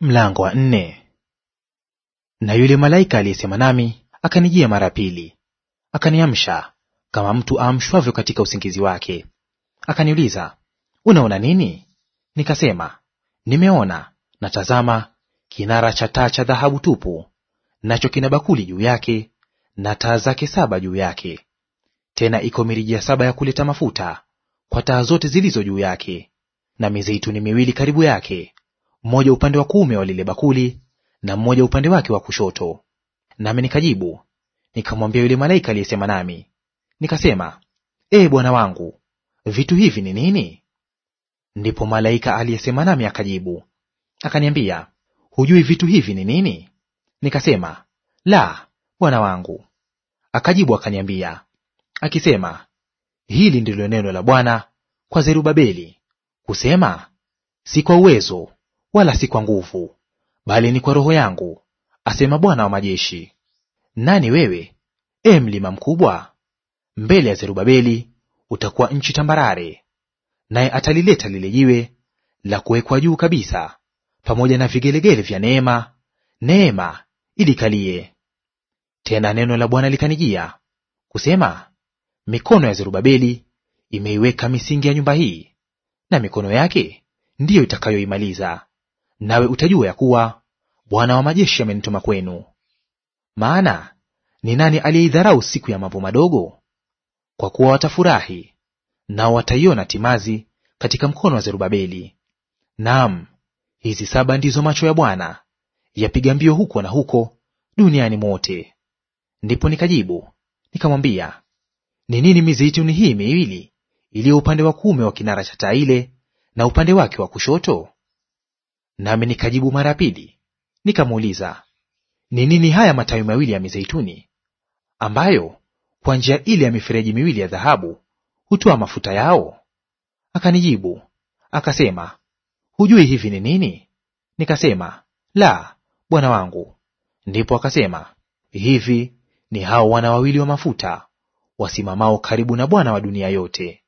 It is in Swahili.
Mlango wa nne. Na yule malaika aliyesema nami akanijia mara pili, akaniamsha kama mtu aamshwavyo katika usingizi wake. Akaniuliza, unaona nini? Nikasema, nimeona na tazama, kinara cha taa cha dhahabu tupu, nacho kina bakuli juu yake na taa zake saba juu yake. Tena iko mirija saba ya kuleta mafuta kwa taa zote zilizo juu yake, na mizeituni miwili karibu yake mmoja upande wa kuume wa lile bakuli na mmoja upande wake wa kushoto. Nami nikajibu nikamwambia yule malaika aliyesema nami, nikasema, Ee Bwana wangu, vitu hivi ni nini? Ndipo malaika aliyesema nami akajibu akaniambia, hujui vitu hivi ni nini? Nikasema, la, Bwana wangu. Akajibu akaniambia akisema, hili ndilo neno la Bwana kwa Zerubabeli kusema, si kwa uwezo wala si kwa nguvu, bali ni kwa Roho yangu, asema Bwana wa majeshi. Nani wewe, e mlima mkubwa? Mbele ya Zerubabeli utakuwa nchi tambarare, naye atalileta lile jiwe la kuwekwa juu kabisa, pamoja na vigelegele vya neema, neema ilikalie. Tena neno la Bwana likanijia kusema, mikono ya Zerubabeli imeiweka misingi ya nyumba hii, na mikono yake ndiyo itakayoimaliza nawe utajua ya kuwa Bwana wa majeshi amenituma kwenu. Maana ni nani aliyeidharau siku ya mambo madogo? Kwa kuwa watafurahi nao wataiona timazi katika mkono wa Zerubabeli. Naam, hizi saba ndizo macho ya Bwana yapiga mbio huko na huko duniani mote. Ndipo nikajibu nikamwambia, ni nini mizeituni hii miwili iliyo upande wa kuume wa kinara cha taa ile na upande wake wa kushoto? Nami nikajibu mara pili nikamuuliza, ni nini haya matawi mawili ya mizeituni ambayo kwa njia ile ya mifereji miwili ya dhahabu hutoa mafuta yao? Akanijibu akasema, hujui hivi ni nini? Nikasema, la, bwana wangu. Ndipo akasema, hivi ni hao wana wawili wa mafuta wasimamao karibu na Bwana wa dunia yote,